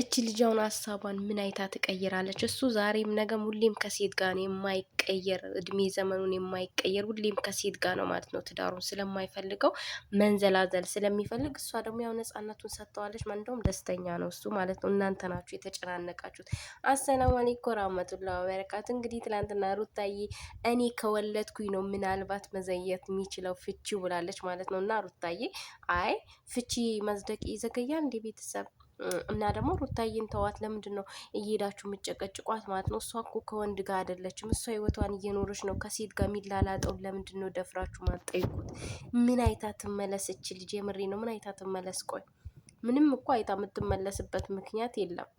እች ልጃውን ሀሳቧን ምን አይታ ትቀይራለች? እሱ ዛሬም ነገም ሁሌም ከሴት ጋር ነው የማይቀየር እድሜ ዘመኑን የማይቀየር ሁሌም ከሴት ጋር ነው ማለት ነው። ትዳሩን ስለማይፈልገው መንዘላዘል ስለሚፈልግ እሷ ደግሞ ያው ነጻነቱን ሰጥተዋለች። እንደውም ደስተኛ ነው እሱ ማለት ነው። እናንተ ናችሁ የተጨናነቃችሁት። አሰላሙ አለይኩም ረመቱላ በረካቱ። እንግዲህ ትላንትና ሩታዬ እኔ ከወለድኩኝ ነው ምናልባት መዘየት የሚችለው ፍቺ ብላለች ማለት ነው። እና ሩታዬ አይ ፍቺ መዝደቅ ይዘገያል እንደ ቤተሰብ እና ደግሞ ሩታዬን ተዋት። ለምንድን ነው እየሄዳችሁ የምጨቀጭቋት ማለት ነው? እሷ እኮ ከወንድ ጋር አይደለችም። እሷ ህይወቷን እየኖረች ነው። ከሴት ጋር የሚላላጠው ለምንድን ነው ደፍራችሁ ማትጠይቁት? ምን አይታ ትመለስ እች ልጅ? የምሬ ነው። ምን አይታ ትመለስ? ቆይ ምንም እኮ አይታ የምትመለስበት ምክንያት የለም።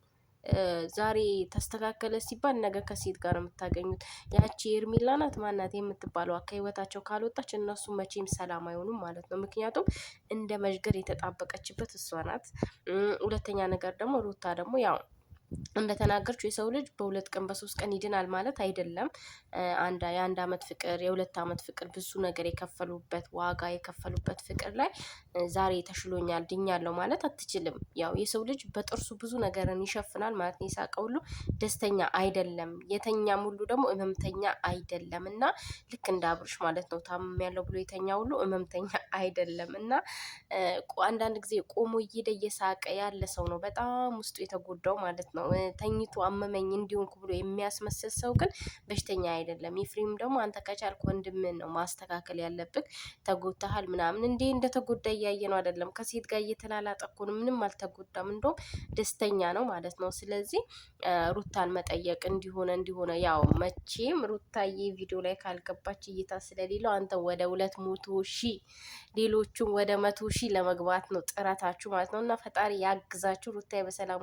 ዛሬ ተስተካከለ ሲባል ነገ ከሴት ጋር የምታገኙት ያቺ ኤርሚላ ናት ማናት የምትባለው ከህይወታቸው ካልወጣች እነሱ መቼም ሰላም አይሆኑም ማለት ነው። ምክንያቱም እንደ መዥገር የተጣበቀችበት እሷ ናት። ሁለተኛ ነገር ደግሞ ሩታ ደግሞ ያው እንደተናገርችው የሰው ልጅ በሁለት ቀን በሶስት ቀን ይድናል ማለት አይደለም። አንድ የአንድ አመት ፍቅር የሁለት አመት ፍቅር ብዙ ነገር የከፈሉበት ዋጋ የከፈሉበት ፍቅር ላይ ዛሬ ተሽሎኛል ድኛለሁ ማለት አትችልም። ያው የሰው ልጅ በጥርሱ ብዙ ነገርን ይሸፍናል ማለት ነው። የሳቀ ሁሉ ደስተኛ አይደለም፣ የተኛም ሁሉ ደግሞ እመምተኛ አይደለም እና ልክ እንደ አብርሽ ማለት ነው ያለው ብሎ የተኛ ሁሉ እመምተኛ አይደለም እና አንዳንድ ጊዜ ቆሞ እየሄደ እየሳቀ ያለ ሰው ነው በጣም ውስጡ የተጎዳው ማለት ነው። ተኝቶ አመመኝ እንዲሆንኩ ብሎ የሚያስመስል ሰው ግን በሽተኛ አይደለም። ኤፍሬም ደግሞ አንተ ከቻልክ ነው ማስተካከል ያለብህ። ተጎድተሃል ምናምን እንዴ እንደተጎዳ እያየ ነው አይደለም። ከሴት ጋር እየተላላጠ እኮ ነው፣ ምንም አልተጎዳም። እንደውም ደስተኛ ነው ማለት ነው። ስለዚህ ሩታን መጠየቅ እንዲሆነ እንዲሆነ ያው መቼም ሩታዬ ቪዲዮ ላይ ካልገባች እይታ ስለሌለው አንተ ወደ ሁለት መቶ ሺህ ሌሎቹም ወደ መቶ ሺህ ለመግባት ነው ጥረታችሁ ማለት ነው እና ፈጣሪ ያግዛችሁ። ሩታዬ በሰላም